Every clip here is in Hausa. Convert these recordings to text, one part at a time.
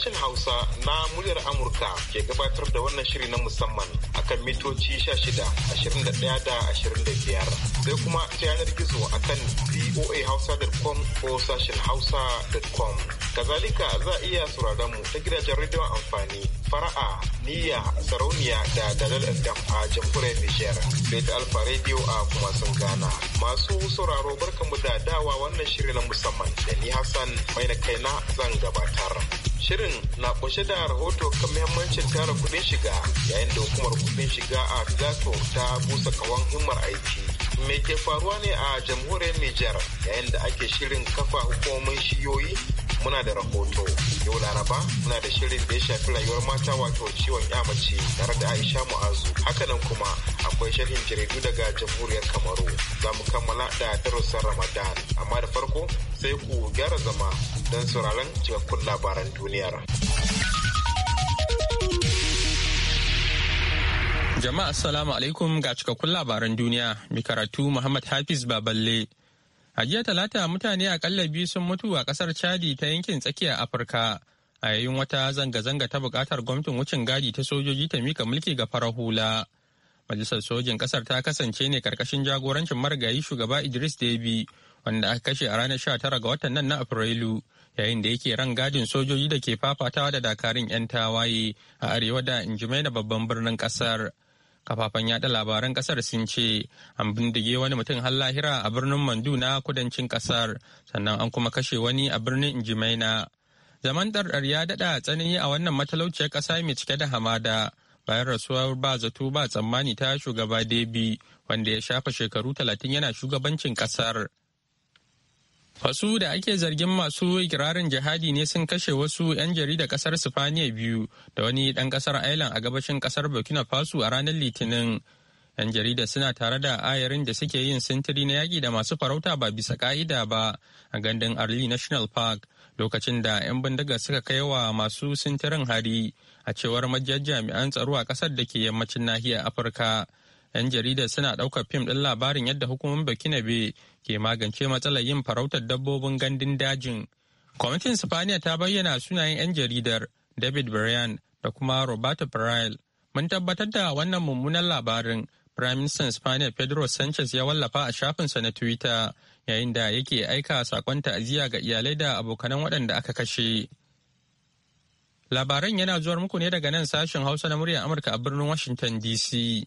sashen Hausa na muryar Amurka ke gabatar da wannan shiri na musamman akan mitoci 16, 21 da 25. Sai kuma ta yanar gizo akan voahausa.com ko sashen hausa.com. Kazalika za a iya sauraron mu ta gidajen rediyon amfani fara'a niyya sarauniya da dalal fm a jamhuriyar nijar ta alfa rediyo a kuma sun masu sauraro mu da dawa wannan shirin na musamman da ni hassan mai na kaina zan gabatar shirin shirin na kunshe da rahoto kan muhimmancin tara kudin shiga yayin da hukumar kudin shiga a Gato ta busa kawan himmar aiki me ke faruwa ne a jamhuriyar nijar yayin da ake shirin kafa hukumomin shiyoyi muna da rahoto yau laraba muna da shirin da ya shafi rayuwar mata wato ciwon mace tare da aisha mu'azu hakanan kuma akwai sharhin jaridu daga jamhuriyar kamaru za mu kammala da darussan ramadan amma da farko sai ku gyara zama don sauraron cikakkun labaran duniyar jama'a assalamu alaikum ga cikakkun labaran duniya mai karatu muhammad hafiz baballe A jiya talata mutane akalla biyu sun mutu a kasar Chadi ta yankin tsakiyar Afirka a yayin wata zanga-zanga ta bukatar gwamnatin wucin gadi ta sojoji ta mika mulki ga farar hula. Majalisar sojin kasar ta kasance ne karkashin jagorancin marigayi shugaba Idris Deby wanda aka kashe a ranar 19 ga watan nan na Afrilu yayin da yake ran gadin sojoji da ke fafatawa da dakarun 'yan tawaye a arewa da Injimai da babban birnin kasar. kafafen yada labaran kasar sun ce an bindige wani mutum har lahira a birnin mandu na kudancin kasar sannan an kuma kashe wani a birnin injimaina zaman ɗarɗar ya daɗa tsanani a wannan matalauciyar ƙasa mai cike da hamada bayan rasuwar ba zato ba tsammani ta shugaba debi wanda ya shafa shekaru talatin yana shugabancin ƙasar Wasu da ake zargin masu ikirarin jihadi ne sun kashe wasu 'yan jarida kasar Sifaniya biyu da wani ɗan kasar Ireland a gabashin kasar Burkina Faso a ranar Litinin. 'Yan jarida suna tare da ayarin da suke yin sintiri na yaƙi da masu farauta ba bisa ƙa'ida ba a gandun Arli National Park lokacin da 'yan bindiga suka kai wa masu sintirin hari a cewar majiyar jami'an tsaro a ƙasar da ke yammacin nahiyar Afirka. 'Yan jarida suna ɗaukar fim ɗin labarin yadda hukumomin Burkina Faso ke magance matsalar yin farautar dabbobin gandun dajin. Kwamitin Sifaniya ta bayyana sunayen 'yan jaridar David Bryan da kuma Roberto Peral. Mun tabbatar da wannan mummunan labarin Prime Minister Spaniya Pedro Sanchez ya wallafa a shafinsa na Twitter yayin da yake aika sakon ta'aziyya ga iyalai da abokanan waɗanda aka kashe. Labaran yana zuwar muku ne daga nan sashen Hausa na muryar Amurka a birnin Washington DC.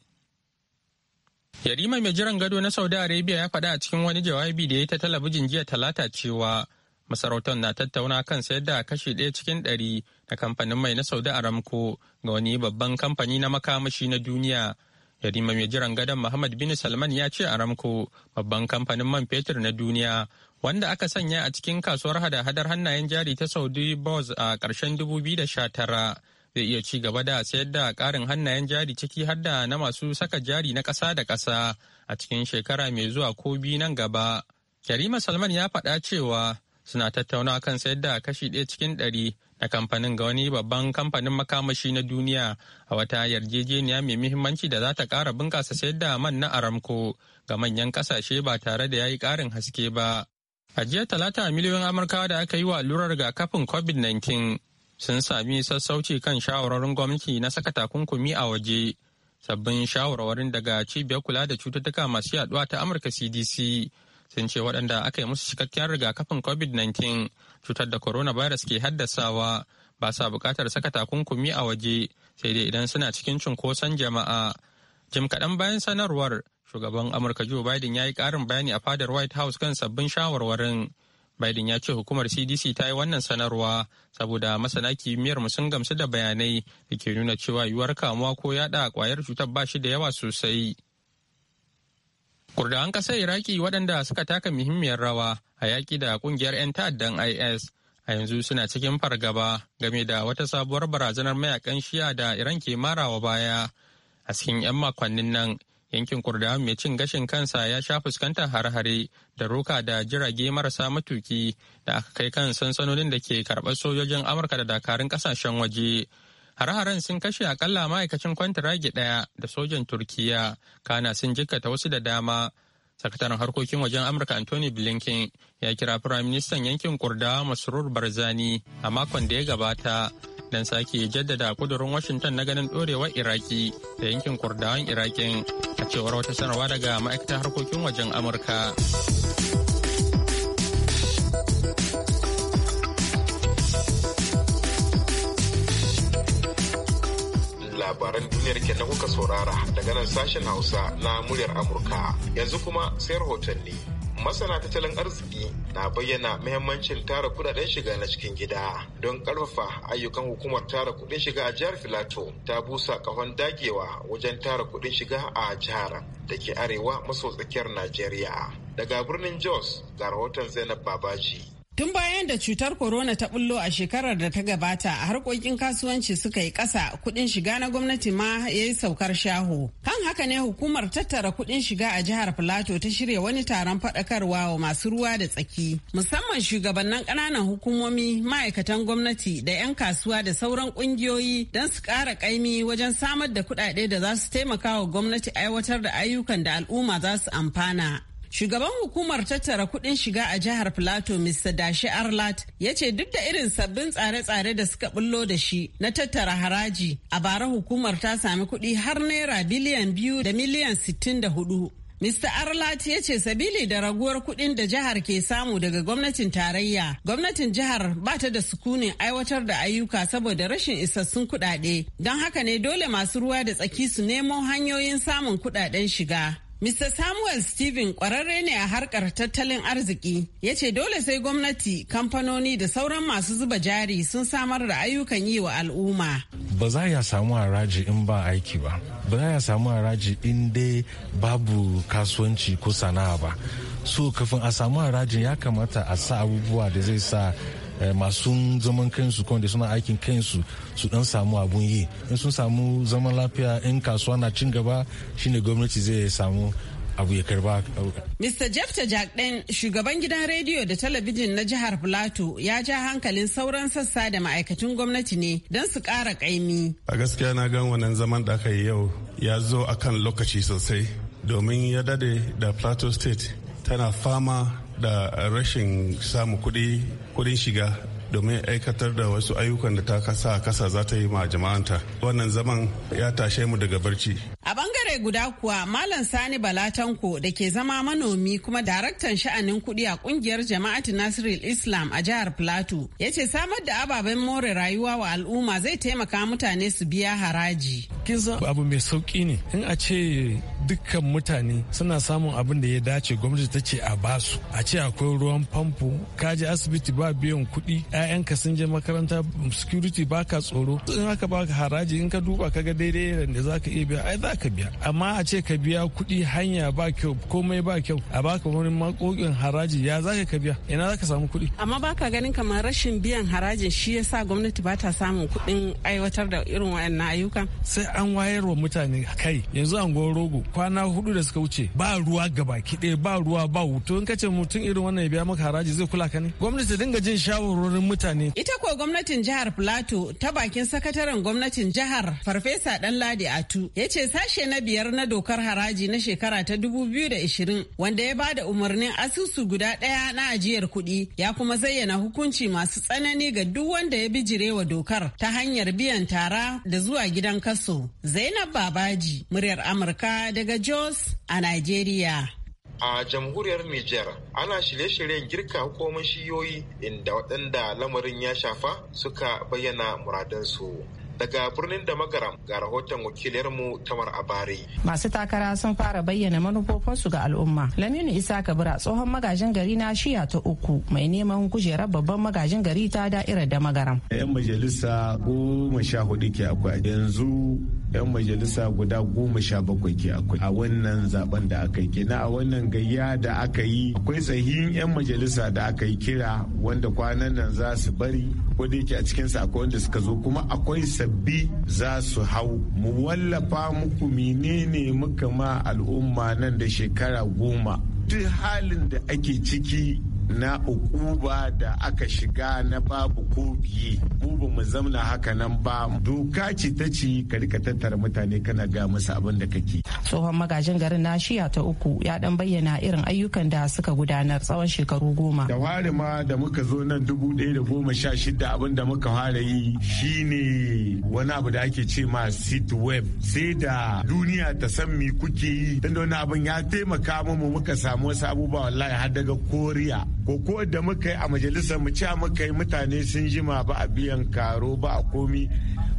Yarima mai jiran gado na Saudi Arabia ya faɗa a cikin wani jawabi da ya ta talabijin jiya talata cewa masarautar na tattauna kan sayar da kashi ɗaya cikin ɗari na kamfanin mai na Saudi Aramco ga wani babban kamfani na makamashi na duniya. Yarima mai jiran gadon Muhammad bin Salman ya ce Aramco babban kamfanin man fetur na duniya wanda aka sanya a cikin kasuwar hada-hadar hannayen jari ta Saudi Boz a ƙarshen 2019 zai iya ci gaba da sayar da ƙarin hannayen jari ciki har da na masu saka jari na ƙasa da ƙasa a cikin shekara mai zuwa ko biyu nan gaba. Karima Salman ya faɗa cewa suna tattauna kan sayar da kashi ɗaya cikin ɗari na kamfanin ga wani babban kamfanin makamashi na duniya a wata yarjejeniya mai muhimmanci da za ta ƙara bunƙasa sayar da man na Aramco ga manyan ƙasashe ba tare da ya yi ƙarin haske ba. A jiya talata miliyoyin amurka da aka yi wa allurar rigakafin COVID-19 sun sami sassauci kan shawarwarin gwamnati na saka takunkumi a waje sabbin shawarwarin daga cibiyar kula da cututtuka masu yaduwa ta amurka cdc sun ce waɗanda aka yi musu cikakkiyar rigakafin covid-19 cutar da coronavirus ke haddasawa ba sa buƙatar saka takunkumi a waje sai dai idan suna cikin cunkoson jama'a jim kaɗan bayan sanarwar shugaban amurka joe biden ya yi ƙarin bayani a fadar white house kan sabbin shawarwarin Biden ya ce hukumar CDC ta yi wannan sanarwa saboda masana kimiyyar mu sun gamsu da bayanai da ke nuna cewa yiwuwar kamuwa ko yaɗa kwayar cutar ba shi da yawa sosai. Kurdawan ƙasar Iraki waɗanda suka taka muhimmiyar rawa a yaƙi da ƙungiyar 'yan ta'addan IS a yanzu suna cikin fargaba game da wata sabuwar barazanar mayakan shiya da Iran ke marawa baya a cikin 'yan makonnin nan. yankin kurdawa mai cin gashin kansa ya sha fuskantar hare-hare da roka da jirage marasa matuki da aka kai kan sansanonin da ke karɓar sojojin amurka da dakarun ƙasashen waje hare-haren sun kashe akalla ma'aikacin kwantiragi ɗaya da sojan turkiya kana sun jikkata wasu da dama sakataren harkokin wajen amurka anthony blinken ya kira firaministan yankin kurdawa masrur barzani a makon da ya gabata don sake jaddada kudurin washington na ganin dorewar iraki da yankin kurdawan iraki a cewar wata sanarwa daga ma'aikatar harkokin wajen amurka labaran duniyar ke na kuka saurara daga nan sashen hausa na muryar amurka yanzu kuma sai rahotanni masana tattalin arziki na bayyana muhimmancin tara kudaden shiga na cikin gida don karfafa ayyukan hukumar tara kudin shiga a jihar filato ta busa kahon dagewa wajen tara kudin shiga a jihar da ke arewa maso tsakiyar najeriya daga birnin jos ga rahoton zainab babaji Tun bayan da cutar corona ta bullo a shekarar da ta gabata a harkokin kasuwanci suka yi ƙasa kuɗin shiga na gwamnati ma ya yi saukar shaho. Kan haka ne hukumar tattara kuɗin shiga a jihar Filato ta shirya wani taron faɗakarwa wa masu ruwa da tsaki. Musamman shugabannin ƙananan hukumomi, ma'aikatan gwamnati da 'yan kasuwa da sauran ƙungiyoyi don su ƙara ƙaimi wajen samar da kuɗaɗe da za su taimaka wa gwamnati aiwatar da ayyukan da al'umma za su amfana. Shugaban hukumar tattara kuɗin shiga a jihar Plateau, Mr. Dashi Arlat, ya ce duk da irin sabbin tsare-tsare da suka bullo da shi na tattara haraji, a bara hukumar ta sami kuɗi har naira biliyan biyu da miliyan sittin da hudu. Mr. Arlat ya ce sabili da raguwar kuɗin da jihar ke samu daga gwamnatin tarayya, gwamnatin jihar ba ta da sukunin aiwatar da ayyuka saboda rashin isassun kuɗaɗe. Don haka ne dole masu ruwa da tsaki su nemo hanyoyin samun kuɗaɗen shiga. Mr. Samuel Steven kwararre ne a harkar tattalin arziki ya ce dole sai gwamnati, kamfanoni da sauran masu zuba jari sun samar da ayyukan yi wa al'umma. Ba za ya samu haraji in ba aiki ba, ba za ya samu haraji in dai babu kasuwanci ko sana'a ba. So kafin a samu harajin ya kamata a sa abubuwa da zai sa Eh, masu zaman kansu kawai suna aikin kansu su dan samu abun yi in sun samu zaman lafiya in kasuwa na cin gaba shine gwamnati zai samu abu ya karba. Mr. Jeff Tajak ɗin shugaban gidan rediyo da talabijin na jihar Plateau ya ja hankalin sauran sassa da ma'aikatan gwamnati ne don su ƙara ƙaimi. A gaskiya na gan wannan zaman da aka yi yau ya zo akan lokaci sosai domin ya dade da Plateau State tana fama da rashin samu kudi kudin shiga domin aikatar da wasu ayyukan da ta kasa kasa za ta yi ma jama'anta wannan zaman ya tashe mu daga barci a bangare guda kuwa malam sani balatanko da ke zama manomi kuma daraktan sha'anin kudi a kungiyar jama'atu nasiril islam a jihar plateau ya ce samar da ababen more rayuwa wa al'umma zai taimaka mutane su biya haraji kin san abu mai sauki ne in a ce dukkan mutane suna samun abin da ya dace gwamnati ta ce a basu a ce akwai ruwan famfo ka je asibiti ba biyan kuɗi ƴaƴanka sun je makaranta security ba ka tsoro in aka ka haraji in ka duba ka ga daidai da zaka iya biya ai ka biya amma a ce ka biya kuɗi hanya ba kyau komai ba kyau a baka wani makokin haraji ya zaka ka biya ina za ka samu kuɗi amma ba ka ganin kamar rashin biyan harajin shi yasa gwamnati ba ta samun kuɗin aiwatar da irin waɗannan ayyukan sai an wayar wa mutane kai yanzu anguwar rogo kwana hudu da suka wuce ba ruwa gaba ɗaya ba ruwa ba wuto in kace mutum irin wannan ya biya maka haraji zai kula ka ne gwamnati dinga jin shawarorin mutane ita ko gwamnatin jihar plateau ta bakin sakataren gwamnatin jihar farfesa danladi atu ya ce sashe na biyar na dokar haraji na shekara ta da 2020 wanda ya bada umarnin asusu guda ɗaya na ajiyar kuɗi ya kuma zayyana hukunci masu tsanani ga duk wanda ya bijirewa dokar ta hanyar biyan tara da zuwa gidan kaso Zainab Babaji, muryar Amurka daga Jos a Najeriya. a jamhuriyar Nijar ana shirye-shiryen girka hukumomin shiyoyi inda waɗanda lamarin ya shafa suka bayyana muradansu. Daga birnin da magaram ga rahoton wakiliyarmu Tamar Abari. Masu takara sun fara bayyana manufofinsu ga al'umma. Laminu Isa Kabira tsohon magajin gari na shiya ta uku mai neman kujerar babban magajin gari ta da'irar da magaram. 'Yan majalisa goma sha hudu ke akwai yanzu 'yan majalisa guda goma sha bakwai ke akwai a wannan zaben da aka yi kina. a wannan gayya da aka yi akwai tsahin 'yan majalisa da aka yi kira wanda kwanan nan za su bari ko da yake a cikin sa akwai wanda suka zo kuma akwai sabbi za su hau mu wallafa muku menene muka ma al'umma nan da shekara goma duk halin da ake ciki na ukuba da aka shiga na babu ko biye mu mu zamna haka nan ba doka ce ta ce ka tattara mutane kana ga musu abin da kake tsohon magajin garin na shiya ta uku ya dan bayyana irin ayyukan da suka gudanar tsawon shekaru goma da ware ma da muka zo nan dubu ɗaya da goma sha shida abin da muka fara yi shine wani abu da ake ce ma sit web sai da duniya ta san me kuke yi tunda wani abin ya taimaka mu muka samu wasu abubuwa wallahi har daga koriya Ko da muka yi a majalisar mu ce muka yi mutane sun jima ba a biyan karo ba a komi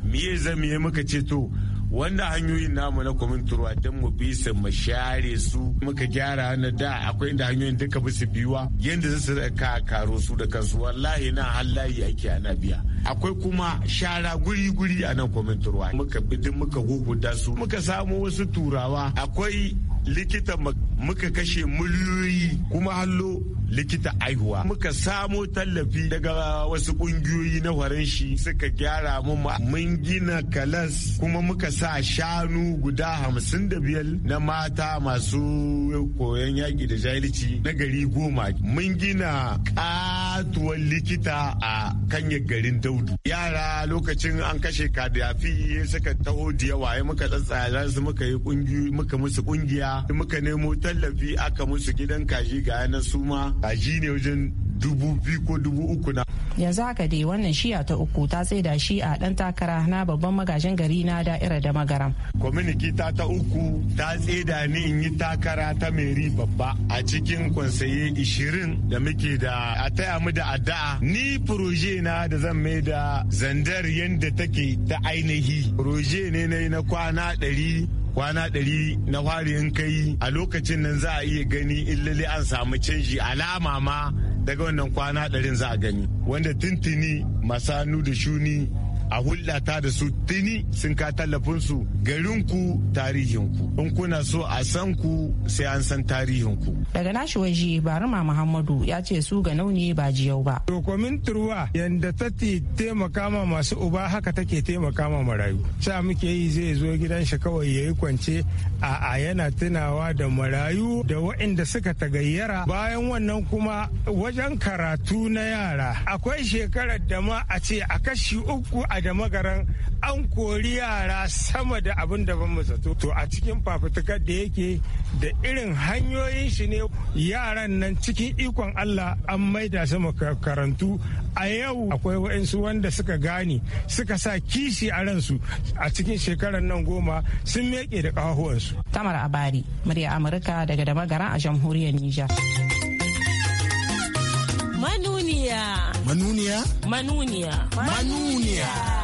miye zamiye muka ce to wanda hanyoyin namu na kwamin turwa don mu bi su mu share su muka gyara na da akwai inda hanyoyin duka bi su biyuwa yadda su ka karo su da kansu wallahi na halayi ake ana biya akwai kuma shara guri-guri a nan kwamin turwa muka bi duk muka huhuda su muka samu wasu turawa akwai likita muka kashe miliyoyi kuma hallo likita aihuwa muka samo tallafi daga wasu kungiyoyi na faranshi suka gyara mu mun gina kalas kuma muka sa shanu guda hamsin da biyar na mata masu koyon yaƙi da jahilci na gari goma mun gina katuwar likita a kanyar garin daudu yara lokacin an kashe kadafi suka taho da yawa ya muka tsatsaya su muka yi kungiyoyi muka musu kungiya muka nemo tallafi aka musu gidan kaji ga yanar suma kaji ne wajen dubu biyu ko dubu uku na. yanzu haka dai wannan shiya ta uku ta tsaida shi a dan takara na babban magajin gari na da'ira da magaram. kwaminiki ta ta uku ta tsaida ni in yi takara ta meri babba a cikin kwansaye ishirin da muke da a taya mu da addu'a ni proje na da zan mai da zandar yadda take ta ainihi proje ne na kwana ɗari kwana ɗari na fari in kai a lokacin nan za a iya gani in lalle an samu canji alama ma daga wannan kwana ɗarin za a gani wanda tuntuni masanu da shuni a hulɗata da su tuni sun ka tallafin su garinku tarihinku in kuna so a san ku sai an san tarihinku daga nashi waje barima muhammadu ya ce su ga nauni ba jiyau ba dokomin turwa yanda ta taimaka ma masu uba haka take taimaka ma marayu sa muke yi zai zo gidan shi kawai yayi kwance a yana tunawa da marayu da waɗanda suka tagayyara bayan wannan kuma wajen karatu na yara akwai shekarar da ma a ce a kashi uku a da magaran an kori yara sama da abin da ban zato to a cikin fafutukar da yake da irin hanyoyin shi ne yaran nan cikin ikon Allah an maida sama karantu. a yau akwai waɗansu wanda suka gane suka sa kishi a ransu a cikin shekarar nan goma sun meke da ƙahuwansu. Tamar Abari, murya Amurka daga da magaran a jamhuriyar Nijar. Manuniya. Manuniya? Manuniya. Manuniya.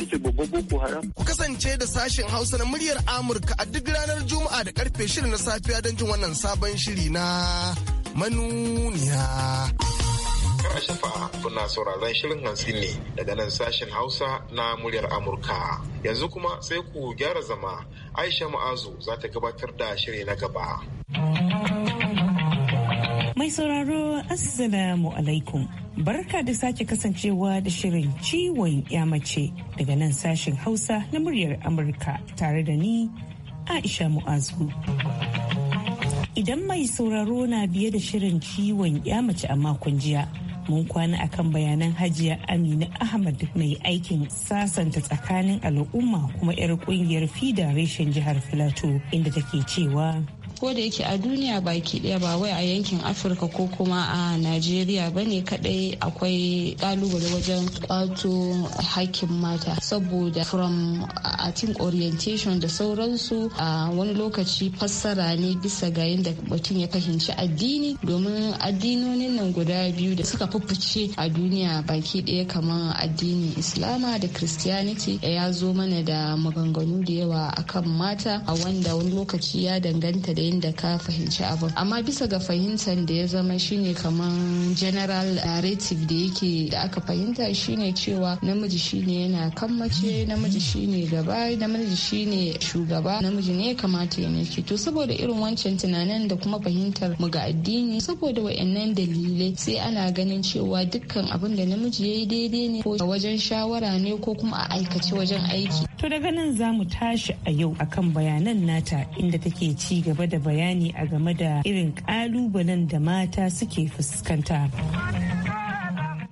ita babban boko haram. Ku kasance da sashen Hausa na muryar Amurka a duk ranar Juma'a da karfe shirin na safiya don jin wannan sabon shiri na manuniya. Kar shafa kuna sauraron shirin hantsi ne daga nan sashen Hausa na muryar Amurka. Yanzu kuma sai ku gyara zama Aisha Ma'azu za ta gabatar da shiri na gaba. Mai sauraro Assalamu alaikum. Barka da sake kasancewa da shirin ciwon mace daga nan sashen Hausa na muryar Amurka tare da ni Aisha Mu'azu. Idan mai sauraro na biye da shirin ciwon mace a makon jiya, mun kwana akan bayanan hajiya Amina Ahmad mai aikin sasanta tsakanin al'umma kuma 'yar kungiyar fida reshen jihar Filato inda take cewa ko da yake a duniya baki daya ba wai a yankin afirka ko kuma a najeriya ba ne kadai akwai kalubale wajen kwato hakkin mata saboda from a think orientation da sauransu a wani lokaci fassara ne bisa ga yadda mutum ya fahimci addini domin addinonin nan guda biyu da suka fuffuce a duniya baki daya kamar addinin islama da christianity eh, ya zo mana da maganganu da yawa akan mata a wanda wani lokaci ya danganta da yayin da ka fahimci abin amma bisa ga fahimtar da ya zama shine kamar general narrative da yake da aka fahimta shine cewa namiji shine yana kan mace namiji shine gaba namiji shine shugaba namiji ne kamata ya mulki to saboda irin wancan tunanin da kuma fahimtar mu ga addini saboda wayannan dalilai sai ana ganin cewa dukkan abin da namiji yayi daidai ne ko a wajen shawara ne ko kuma a aikace wajen aiki To daga nan za mu tashi a yau akan bayanan nata inda take ci gaba da bayani a game da irin ƙalubalen da mata suke fuskanta.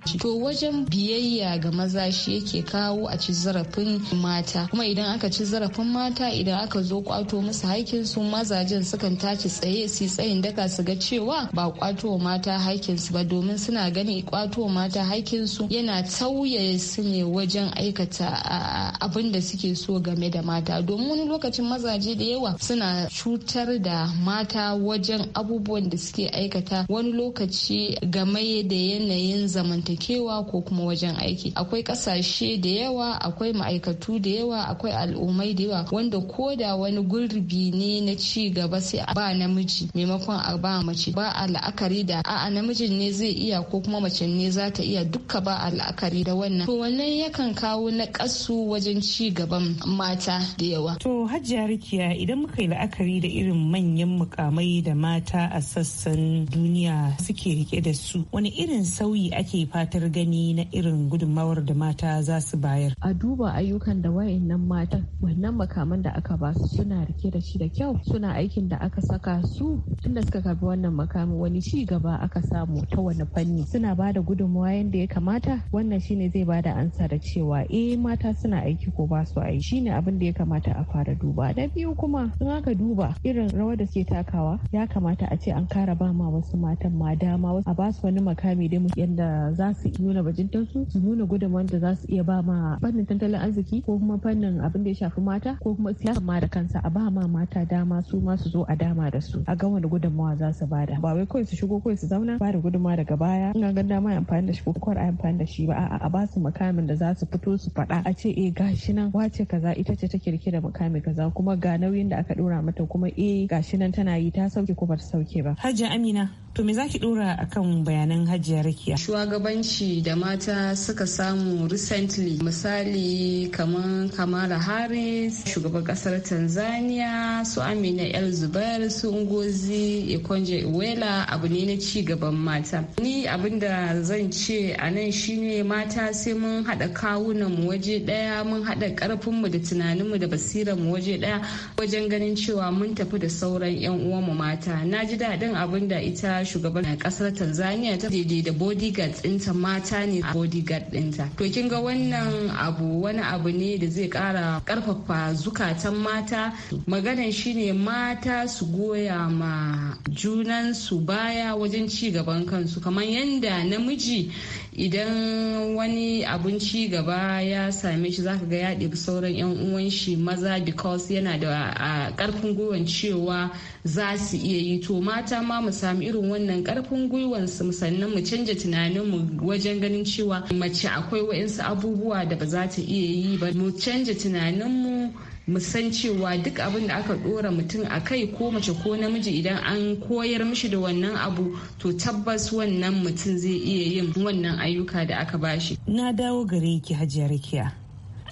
To wajen biyayya ga maza shi yake kawo a ci zarafin mata kuma idan aka ci zarafin mata idan aka zo kwato musu haikin su mazajen sukan tashi tsaye su tsayin daka su ga cewa ba kwato mata haikin su ba domin suna ganin kwato mata haikin su yana tauye su ne wajen aikata abin da suke so game da mata domin wani lokacin mazaje da yawa suna cutar da mata wajen abubuwan da suke aikata wani lokaci game da yanayin zamantakewa kewa ko kuma wajen aiki akwai kasashe da yawa akwai ma'aikatu da yawa akwai al'ummai da yawa wanda ko da wani gurbi ne na ci gaba sai a ba namiji maimakon a ba mace ba a la'akari da a'a namijin ne zai iya ko kuma mace ne za ta iya dukka ba a la'akari da wannan to wannan yakan kawo na kasu wajen ci gaban mata da yawa to hajjiya rikiya idan muka yi la'akari da irin manyan mukamai da mata a sassan duniya suke rike da su wani irin sauyi ake fata fatar gani na irin gudunmawar da mata za su bayar. A duba ayyukan da nan matan wannan makaman da aka ba su suna rike da shi da kyau suna aikin da aka saka su da suka karbi wannan makamin wani ci gaba aka samu ta wani fanni suna ba da gudunmawa yadda ya kamata wannan shine zai ba da ansa da cewa eh mata suna aiki ko ba su aiki shine abin da ya kamata a fara duba. Na biyu kuma in aka duba irin rawar da suke takawa ya kamata a ce an kara ba ma wasu matan ma dama a ba su wani makami da yadda za za su nuna bajintar su nuna gudunmawar da za su iya ba ma fannin tattalin arziki ko kuma fannin abin da ya shafi mata ko kuma siyasa ma da kansa a ba ma mata dama su ma su zo a dama da su a ga wani gudunmawa za su bada ba wai kawai su shigo kawai su zauna ba da gudunmawa daga baya in ga dama amfani da shi ko kwar amfani da shi ba a'a a ba su makamin da za su fito su faɗa a ce eh gashi nan wace kaza ita ce take rike da makami kaza kuma ga nauyin da aka dora mata kuma eh gashi nan tana yi ta sauke ko ba ta sauke ba hajji amina To me za ɗora dora kan bayanan hajiya rakiya? Shugabanci da mata suka samu recently misali kamar Kamala Harris, shugaban kasar Tanzania, su Amina El Zubair, su Ngozi Ekonje iwela abu ne na ci gaban mata. Ni abin da zan ce a nan shine mata sai mun haɗa kawunan mu waje ɗaya, mun haɗa ƙarfin mu da tunanin mu da basiran mu waje ɗaya wajen ganin cewa mun tafi da sauran 'yan uwanmu mata. Na ji daɗin da ita shugaban shugaban kasar tanzania ta daidai da bodyguards ɗinta mata ne a bodyguard ɗinta to kin ga wannan abu wani abu ne da zai kara karfafa zukatan mata maganan shine mata su goya ma junan su baya wajen ci gaban kansu kamar yadda namiji idan wani abun ci gaba ya same shi zaka ga ya ɗebi sauran 'yan uwan shi maza because yana da karfin gwiwan cewa za su iya yi to mata ma mu sami irin wannan karfin gwiwan su sannan mu canja tunaninmu wajen ganin cewa mace akwai wa'insu abubuwa da ba za ta iya yi ba mu canja tunaninmu mu san cewa duk abin da aka dora mutum a kai ko mace ko namiji idan an koyar mishi da wannan abu to tabbas wannan mutum zai iya yin wannan ayyuka da aka bashi. Na dawo gare ki hajiya rakiya.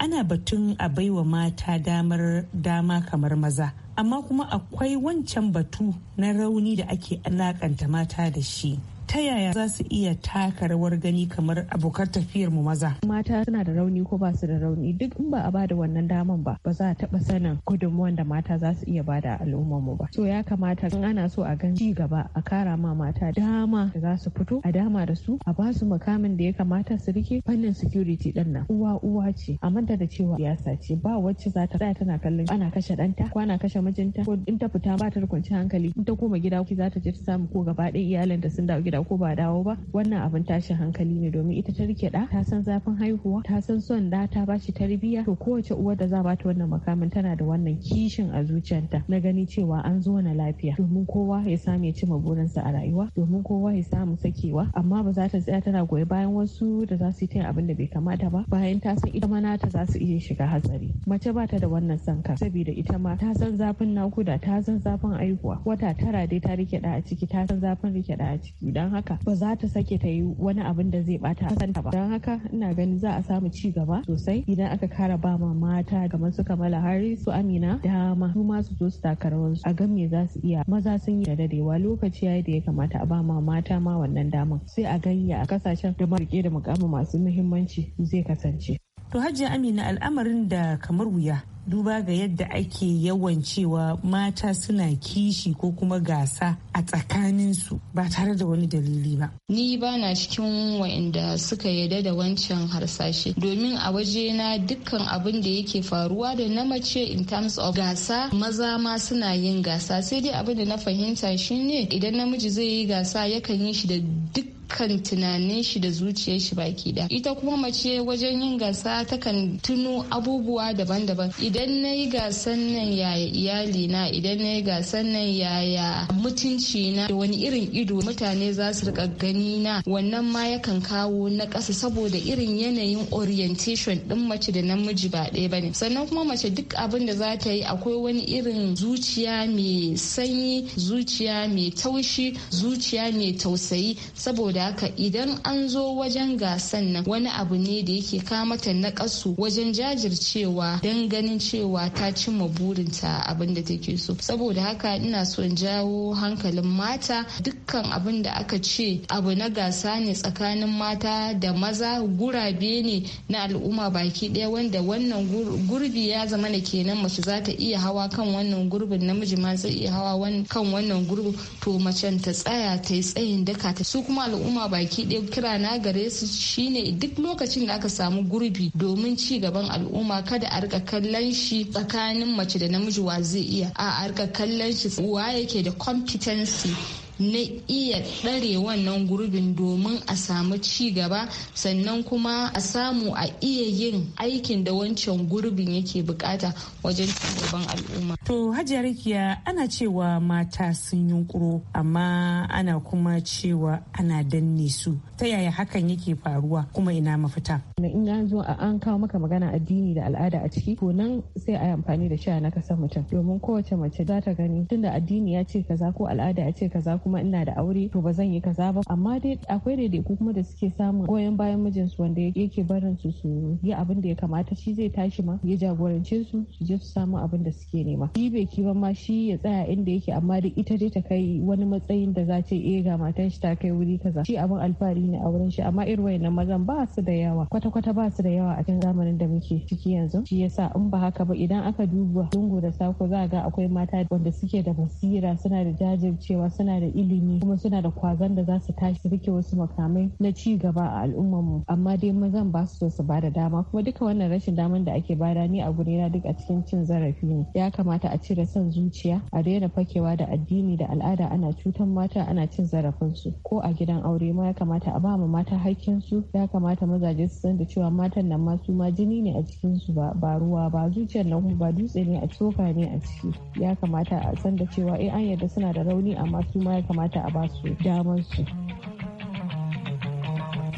Ana batun a baiwa mata damar dama kamar maza amma kuma akwai wancan batu na rauni da ake alakanta mata da shi ta yaya za su iya taka rawar gani kamar abokan tafiyar mu maza mata suna da rauni ko ba su da rauni duk in ba a ba da wannan daman ba ba za a taba sanin gudunmuwan da mata za su iya bada da mu ba so ya kamata in ana so a gan ci gaba a kara ma mata dama da za su fito a dama da su a ba su makamin da ya kamata su rike fannin security din nan uwa uwa ce a manta da cewa siyasa ce ba wacce za ta tsaya tana kallon ana kashe danta ko ana kashe mijinta ko in ta fita ba ta da hankali in ta koma gida ki za ta je ta samu ko gaba ɗaya iyalin da sun dawo gida ko ba dawo ba wannan abin tashin hankali ne domin ita ta rike da ta san zafin haihuwa ta san son da ta bashi tarbiyya to kowace uwar da za ba ta wannan makamin tana da wannan kishin a zuciyarta na gani cewa an zo na lafiya domin kowa ya samu ya cima burinsa a rayuwa domin kowa ya samu sakewa amma ba za ta tsaya tana goyi bayan wasu da za su yi abin da bai kamata ba bayan ta san ita ma nata za su iya shiga hatsari mace ba ta da wannan sanka saboda ita ma ta san zafin nakuda ta san zafin aihuwa wata tara dai ta rike da a ciki ta san zafin rike da a ciki dan don haka ba za ta sake ta yi wani abin da zai bata kasanta ba don haka ina ganin za a samu ci gaba sosai idan aka kara ba ma mata kamar su kamala harris su amina dama su ma su zo su taka rawarsu a gan me za su iya maza sun yi da dadewa lokaci yayi da ya kamata a ba ma mata ma wannan daman sai a ganya a kasashen da marike da mukamu masu muhimmanci zai kasance to hajiya amina al'amarin da kamar wuya duba ga yadda ake yawan cewa mata suna kishi ko kuma gasa a tsakaninsu ba tare da wani dalili ba. Ni ba na cikin wa'inda suka yarda da wancan harsashe domin a waje na dukkan abin da yake faruwa da na mace in terms of gasa maza ma suna yin gasa sai dai abin da na fahimta shine idan namiji zai yi gasa yakan yi shi da duk kan tunanin shi da zuciyar shi baki da ita kuma mace wajen yin gasa takan tuno abubuwa daban-daban idan na yi gasan nan yaya iyali na idan na yi gasan nan yaya mutunci na wani irin ido mutane za su rika gani na wannan ma yakan kawo na ƙasa saboda irin yanayin orientation din mace da namiji ba ɗaya ne sannan kuma mace duk abin da za ta yi akwai wani irin zuciya mai sanyi zuciya mai taushi zuciya mai tausayi saboda haka idan an zo wajen gasan nan wani abu ne da yake kamata na wajen jajircewa don ganin cewa ta cimma burinta abin da take so saboda haka ina so in jawo hankalin mata dukkan abin da aka ce abu na gasa ne tsakanin mata da maza gurabe ne na al'umma baki ɗaya wanda wannan gurbi ya zama na kenan mace za ta iya hawa kan wannan gurbin namiji ma zai iya hawa kan wannan gurbin to macen ta tsaya ta yi tsayin daka ta su kuma al'umma baki ɗaya kira na gare su shine duk lokacin da aka samu gurbi domin ci gaban al'umma kada a rika kallon shi tsakanin mace da namiji wa zai iya a harka kallon shi wa yake da competency na iya tsare wannan gurbin domin a samu ci gaba sannan kuma a samu a iya yin aikin da wancan gurbin yake bukata wajen gaban al'umma. To hajiya rikiya ana cewa mata sun yunkuro amma ana kuma cewa ana danne su ta yaya hakan yake faruwa kuma ina mafita. In an zo an kawo maka magana addini da al'ada a ciki to nan sai a yi amfani da sha na kasa mutum domin kowace mace za ta gani tunda addini ya ce kaza ko al'ada ya ce kaza ko kuma ina da aure to ba zan yi kaza ba amma dai akwai da ku kuma da suke samun goyon bayan mijinsu wanda yake barin su su yi abin da ya kamata shi zai tashi ma ya jagorance su su je su samu abin da suke nema shi bai kiban ma shi ya tsaya inda yake amma dai ita dai ta kai wani matsayin da za ce eh ga matan shi ta kai wuri kaza shi abin alfahari ne a wurin shi amma irin na mazan ba su da yawa kwata kwata ba su da yawa a cikin zamanin da muke ciki yanzu shi yasa in ba haka ba idan aka duba dungu da sako za ga akwai mata wanda suke da basira suna da jajircewa suna da ilimi kuma suna da kwazon da za su tashi rike wasu makamai na ci gaba a al'ummar mu amma dai zan ba su so su bada dama kuma duka wannan rashin daman da ake bada ni a na duk a cikin cin zarafi ne ya kamata a cire son zuciya a daina fakewa da addini da al'ada ana cutan mata ana cin zarafin su ko a gidan aure ma ya kamata a ba mu mata su ya kamata mazaje su san da cewa matan nan ma su ma jini ne a cikinsu ba ba ruwa ba zuciyar nan ba dutse ne a tsoka ne a ciki ya kamata a san da cewa eh an yarda suna da rauni amma su ma ya kamata a ba su damar su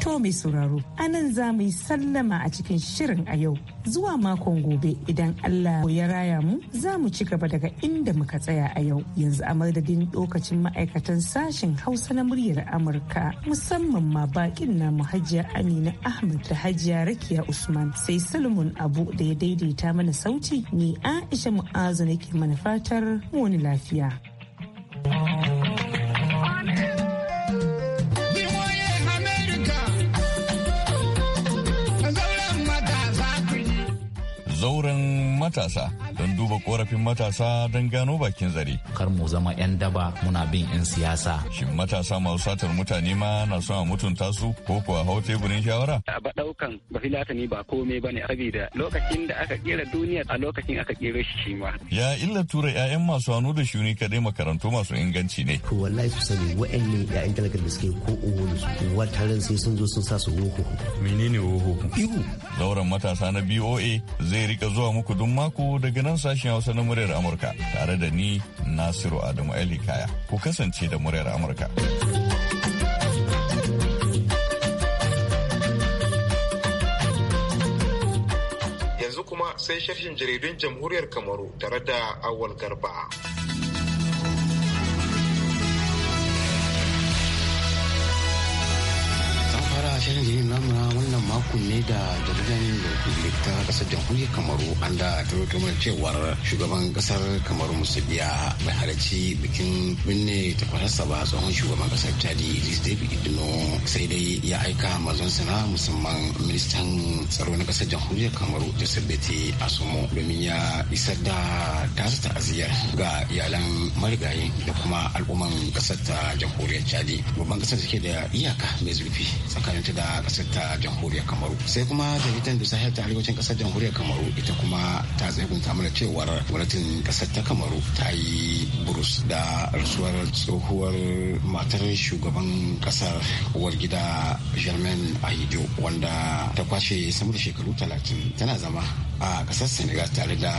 to mai sauraro anan za mu yi sallama a cikin shirin a yau zuwa makon gobe idan Allah ya raya mu za mu ci gaba daga inda muka tsaya a yau yanzu a madadin lokacin ma'aikatan sashen hausa na muryar amurka musamman ma bakin na hajiya amina ahmad da hajiya rakiya usman sai salomon abu da ya daidaita mana sauti ni aisha mu'azu nake mana fatar mu lafiya. matasa don duba korafin matasa don gano bakin zare. Kar mu zama 'yan daba muna bin 'yan siyasa. Shin matasa masu satar mutane ma na son a mutunta su ko kuwa hau teburin shawara? A ba ɗaukan ba ba komai ba ne saboda lokacin da aka kera duniya a lokacin aka kera shi shi ma. Ya illa tura 'ya'yan masu hannu da shuni kadai makarantu masu inganci ne. To wallahi su sani ne 'ya'yan talakar da suke ko uwo da su wataran sai sun zo sun sa su woho. Menene woho? Ihu. Zauren matasa na BOA zai rika zuwa muku duk mako daga nan sashen Hausa na muryar Amurka tare da ni Nasiru Adamu Ali Kaya. Ku kasance da muryar Amurka. Yanzu kuma sai sharhin jaridun jamhuriyar Kamaru tare da Awal Garba. shirin jirgin na wannan makon ne da jaridar republic ta kasar jamhuriyar kamaru an da taroto cewar shugaban kasar kamaru musubiya mai halarci bikin binne takwararsa ba tsohon shugaban kasar chadi idris david idino sai dai ya aika mazan sana musamman ministan tsaro na kasar jamhuriyar kamaru da sabbati asomo domin ya isar da tasa ta'aziyar ga iyalan marigayi da kuma al'umman kasar ta jamhuriyar chadi babban kasar ke da iyaka mai zurfi tsakanin da kasar ta jamhuriyar kamaru sai kuma jaridan da sahel ta arewacin kasar jamhuriyar kamaru ita kuma ta tsegunta mana cewar gwamnatin kasar ta kamaru ta yi burus da rasuwar tsohuwar matar shugaban kasar uwar gida germain ahijo wanda ta kwashe sama da shekaru talatin tana zama a kasar senegal tare da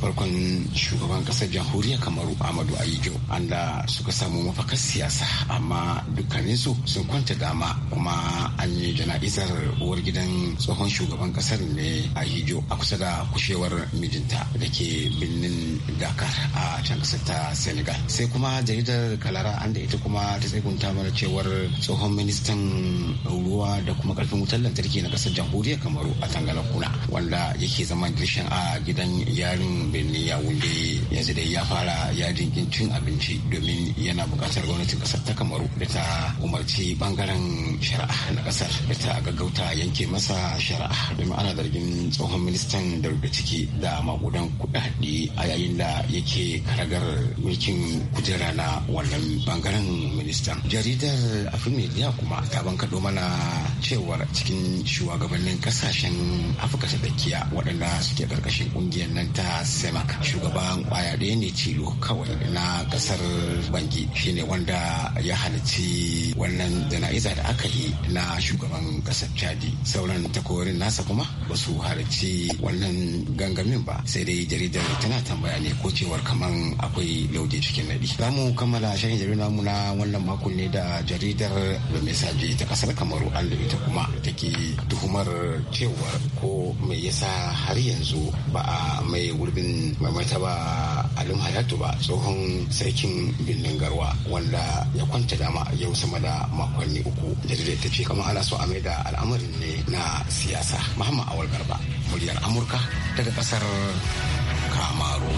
farkon shugaban kasar jamhuriyar kamaru amadu ayijo anda suka samu mafakar siyasa amma dukkaninsu sun kwanta dama kuma an yi jana'izar uwar gidan tsohon shugaban kasar ne ayijo a kusa da kushewar mijinta da ke birnin dakar a can kasar ta senegal sai kuma jaridar kalara an da ita kuma ta tsegunta mana cewar tsohon ministan ruwa da kuma karfin wutar lantarki na kasar jamhuriyar kamaru a tangalar kuna wanda yake zaman gishin a gidan yarin birnin ya wunde yanzu dai ya fara jinkin cin abinci domin yana bukatar gwamnatin kasar ta kamaru da ta umarci bangaren shari'a na ƙasar da ta gaggauta yanke masa shari'a domin ana zargin tsohon ministan da ciki da makudan kuɗaɗe a yayin da yake karagar mulkin kujera na wannan bangaren ministan jaridar afimiliya kuma ta bankaɗo mana cewar cikin shugabannin kasashen afirka ta tsakiya waɗanda suke ƙarƙashin ƙungiyar nan ta semak shugaban kwaya ɗaya ne cilo kawai na ƙasar bangi shine wanda ya halarci wannan jana'iza da aka yi na shugaban ƙasar chadi sauran takorin nasa kuma ba su halarci wannan gangamin ba sai dai jaridar tana tambaya ne ko cewar kamar akwai lauje cikin naɗi za mu kammala shahin jaridar namu na wannan makon ne da jaridar da mesaje ta ƙasar kamaru an da ita kuma take tuhumar cewar ko me yasa har yanzu ba a mai gurbin maimaita ba alim hayatu ba tsohon sarkin birnin garwa wanda ya kwanta dama yau sama da makonni uku da da tafi kamar ana so a mai da al'amarin ne na siyasa muhammad awal garba muryar amurka daga kasar kamaru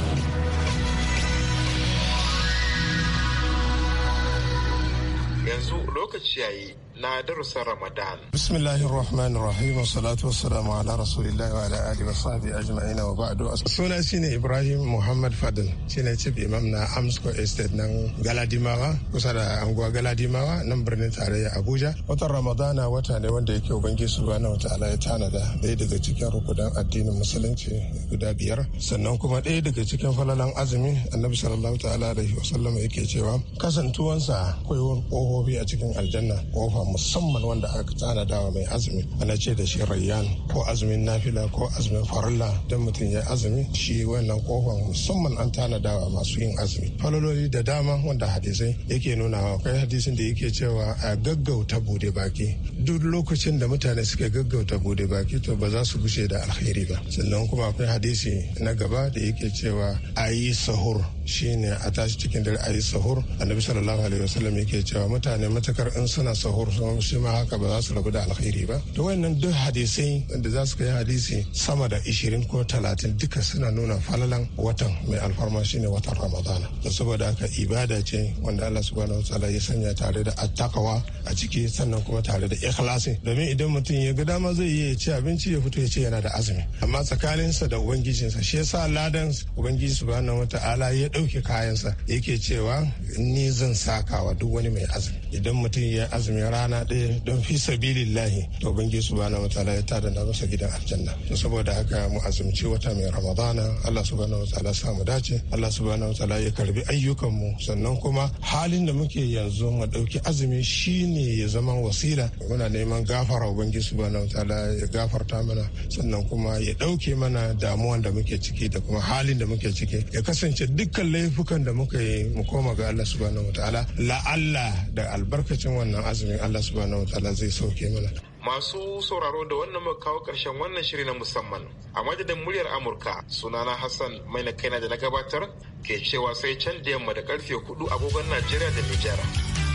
yanzu lokaci yayi na darussan Ramadan. Bismillahirrahmanirrahim wa salatu wa salamu ala rasulillahi wa ala alihi wa sahbihi ajma'ina wa ba'du. Suna shine Ibrahim Muhammad Fadil shine chief imam na Amsco Estate nan Galadimawa kusa da anguwa Galadimawa nan birnin tarayya Abuja. Watan Ramadana wata ne wanda yake Ubangiji subhanahu wa ya tanada ɗaya daga cikin rukunan addinin musulunci guda biyar sannan kuma ɗaya daga cikin falalan azumi annabi sallallahu ta'ala alaihi wa sallam yake cewa kasantuwansa koyon kofofi a cikin aljanna kofa musamman wanda aka tsana dawa mai azumi ana ce da shi rayyan ko azumin nafila ko azumin farilla don mutum ya azumi shi wannan kofan musamman an tana dawa masu yin azumi falololi da dama wanda hadisai yake nunawa kai hadisin da yake cewa a gaggauta bude baki duk lokacin da mutane suka gaggauta bude baki to ba za su gushe da alkhairi ba sannan kuma akwai hadisi na gaba da yake cewa a yi sahur shine a tashi cikin dare a yi sahur annabi sallallahu alaihi wasallam yake cewa mutane matakar in suna sahur shi ma haka ba za su rabu da alkhairi ba to wannan duk hadisai da za su kai hadisi sama da 20 ko 30 duka suna nuna falalan watan mai alfarma shine watan ramadana da saboda haka ibada ce wanda Allah subhanahu ta'ala ya sanya tare da attakawa a ciki sannan kuma tare da ikhlasi domin idan mutum ya ga dama zai yi ya ci abinci ya fito ya ce yana da azumi amma tsakaninsa da ubangijinsa shi yasa ladan ubangiji subhanahu ta'ala ya ɗauke kayansa yake cewa ni zan saka wa duk wani mai azumi idan mutum ya azumi rana ɗaya don fi sabilillahi to bangi bana wataala ya tada na masa gidan aljanna to saboda haka mu azumci wata mai ramadana Allah bana wataala sa mu dace Allah bana wataala ya karbi ayyukan mu sannan kuma halin da muke yanzu mu ɗauki azumi shine ya zama wasila muna neman gafara su bana wataala ya gafarta mana sannan kuma ya ɗauke mana damuwan da muke ciki da kuma halin da muke ciki ya kasance dukkan laifukan da muka yi mu koma ga Allah subhanahu wataala la'alla da albarkacin wannan azumin Allah subhanahu ta'ala zai sauke mana masu sauraro da wannan muka kawo karshen wannan shiri na musamman a madadin muryar amurka sunana hassan mai na kaina da na gabatar ke cewa sai can da yamma da karfe hudu agogon najeriya da nijar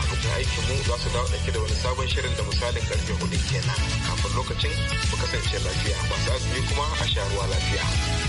abokan aikin mu za su dawo dake da wani sabon shirin da misalin karfe hudu kenan kafin lokacin ku kasance lafiya masu azumi kuma a sha ruwa lafiya